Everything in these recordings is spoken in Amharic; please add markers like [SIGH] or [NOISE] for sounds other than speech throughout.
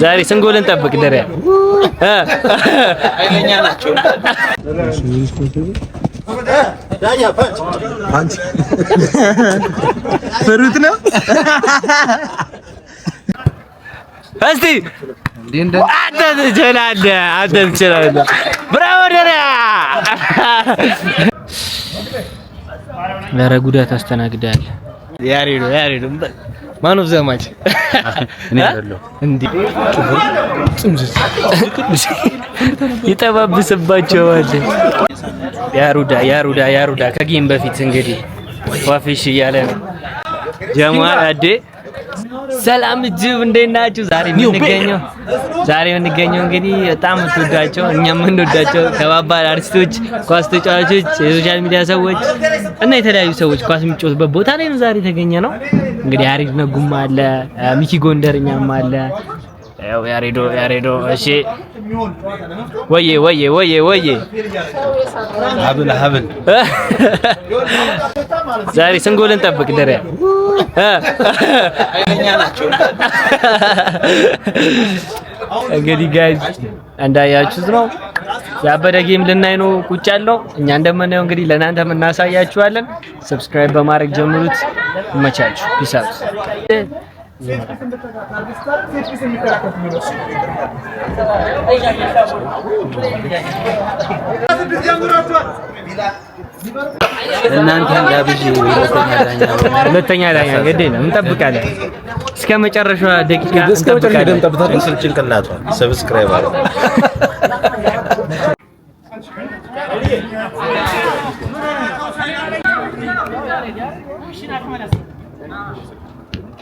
ዛሬ ስንጎልን ጠብቅ ደሪያ አይለኛ ናቸው። ፍሩት ነው እስቲ አንተ ትችላለህ፣ አንተ ትችላለህ። ብራቮ ደሪያ። ኧረ ጉዳት አስተናግዳለህ። ያሬ ማን ኦፍ ዘ ማች እኔ አይደለሁ። እንዲ ይጠባብስባቸዋል። ያሩዳ ያሩዳ ያሩዳ ከጌም በፊት እንግዲህ ዋፊሽ እያለ ነው ጀማል አዴ ሰላም ጅብ እንዴት ናችሁ? ዛሬ የምንገኘው ዛሬ የምንገኘው እንግዲህ በጣም የምትወዳቸው እኛም የምንወዳቸው ከባባድ አርቲስቶች፣ ኳስ ተጫዋቾች፣ የሶሻል ሚዲያ ሰዎች እና የተለያዩ ሰዎች ኳስ የሚጫወቱበት ቦታ ላይ ነው ዛሬ የተገኘ ነው። እንግዲህ ያሬድ ነጉም አለ፣ ሚኪ ጎንደርኛም አለ፣ ያው ያሬዶ ያሬዶ እሺ ወይ ወይ ወዬ ወዬ ሀብል ሀብል ዛሬ ስንጎል እንጠብቅ። ደሪያ እንግዲህ ጋይ እንዳያችሁት ነው ያበደ ጌም ልናይ ነው ቁጭ ያለው። እኛ እንደምናየው እንግዲህ ለእናንተ እናሳያችኋለን። ሰብስክራይብ በማድረግ ጀምሩት። ይመቻችሁ። ፒስ አውት እናንተን ጋብዥ ሁለተኛ ዳኛ ግድ ነው እንጠብቃለን። እስከ መጨረሻዋ ደቂቃ እንጠብቃለን። ጭንቅላቷ ሰብስክራይብ አለ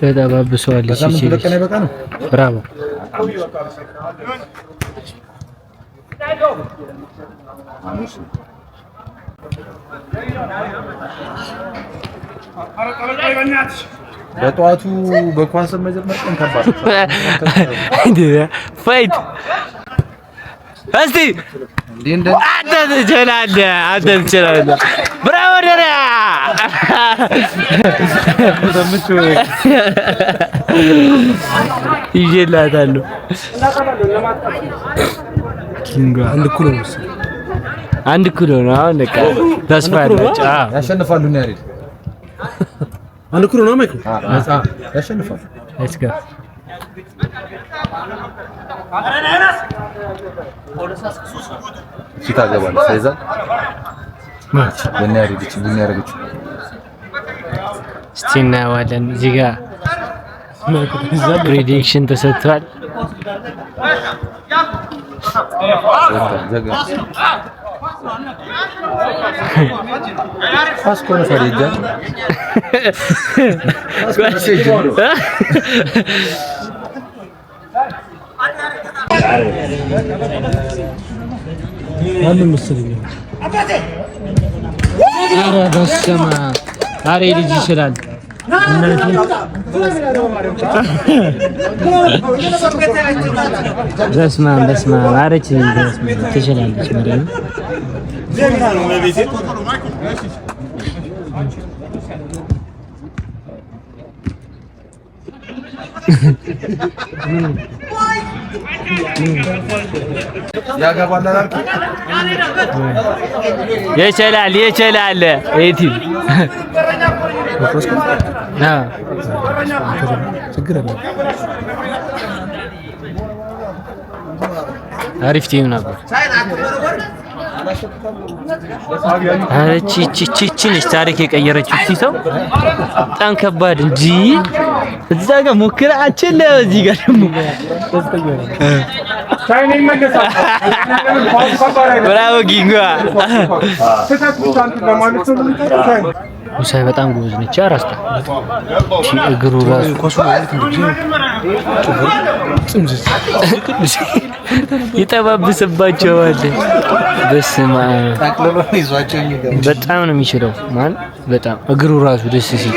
ተጠባብሰዋል። ብራቮ በጠዋቱ በኳስ መጀመር ከባድ አንተ ትችላለህ፣ አንተ ትችላለህ። ብራቮ ደሪያ ይዤላታለሁ። አንድ እኩል ሆኖ አሁን በቃ ተስፋ አለች። ያሸንፋሉ ነው ያሬድ። አንድ እኩል ሆኖ ማይክሮ ያሸንፋሉ። ፊት አገባለሁ። ከዛ ቡና ያደረገች ቡና እስቲ እናየዋለን። እዚህ ጋር ፕሬዲክሽን ተሰጥቷል። ማን መሰለኝ ኧረ በስመ አብ ዛሬ ልጅ ይችላል። በስመ አብ በስመ አብ አረች ትችላለች። መሪያ ይችላል ይችላል። ቲ አሪፍ ቲም ነበር። ቺቺቺቺ ነች ታሪክ የቀየረችው ሰው በጣም ከባድ እንጂ እዛ ጋር ሞክራ አችል እዚህ ጋር ብራቮ በጣም ጎበዝ ነች። አራስታ እግሩ ይጠባብስባቸዋል። በስመ አብ በጣም ነው የሚችለው። ማን በጣም እግሩ ራሱ ደስ ሲል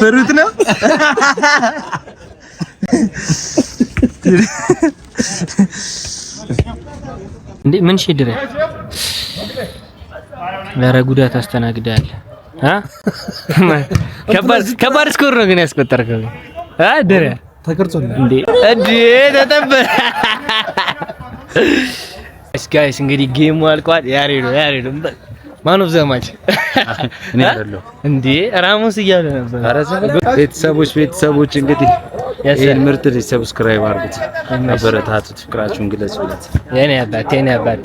ፍሩት ነው። እንዴ ምን ሼድ ነው? ኧረ ጉዳት አስተናግዳል። ከባድ ስኮር ነው ግን ያስቆጠርከው። አ ድረ ተቀርጿል እንዴ እድ ተጠበረ። ጋይስ እንግዲህ ጌሙ አልቋል። ያሬ ነው ያሬ ነው ማን ኦፍ ዘ ማች [LAUGHS] እኔ አይደለሁ እንዴ? ራሙስ እያለ ነበር። ቤተሰቦች ቤተሰቦች እንግዲህ ይሄን ምርጥ ልጅ ሰብስክራይብ አድርጉት፣ አበረታቱት፣ ፍቅራችሁን ግለጹለት። የኔ አባት የኔ አባት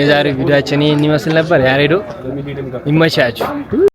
የዛሬ ቪዲዮአችን ይህን ይመስል ነበር። ያሬዶ ይመቻችሁ።